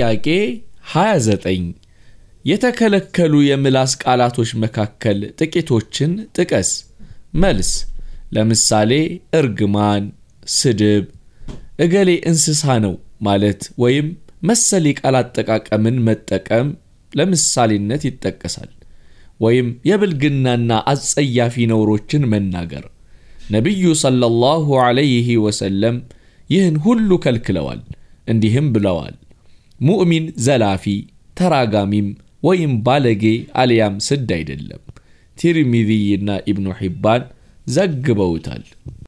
ጥያቄ 29 የተከለከሉ የምላስ ቃላቶች መካከል ጥቂቶችን ጥቀስ። መልስ፣ ለምሳሌ እርግማን፣ ስድብ፣ እገሌ እንስሳ ነው ማለት ወይም መሰል የቃል አጠቃቀምን መጠቀም ለምሳሌነት ይጠቀሳል። ወይም የብልግናና አጸያፊ ነውሮችን መናገር። ነቢዩ ሰለላሁ ዐለይሂ ወሰለም ይህን ሁሉ ከልክለዋል፣ እንዲህም ብለዋል ሙእሚን ዘላፊ ተራጋሚም ወይም ባለጌ አልያም ስድ አይደለም። ቲርሚዚይና ኢብኑ ሒባን ዘግበውታል።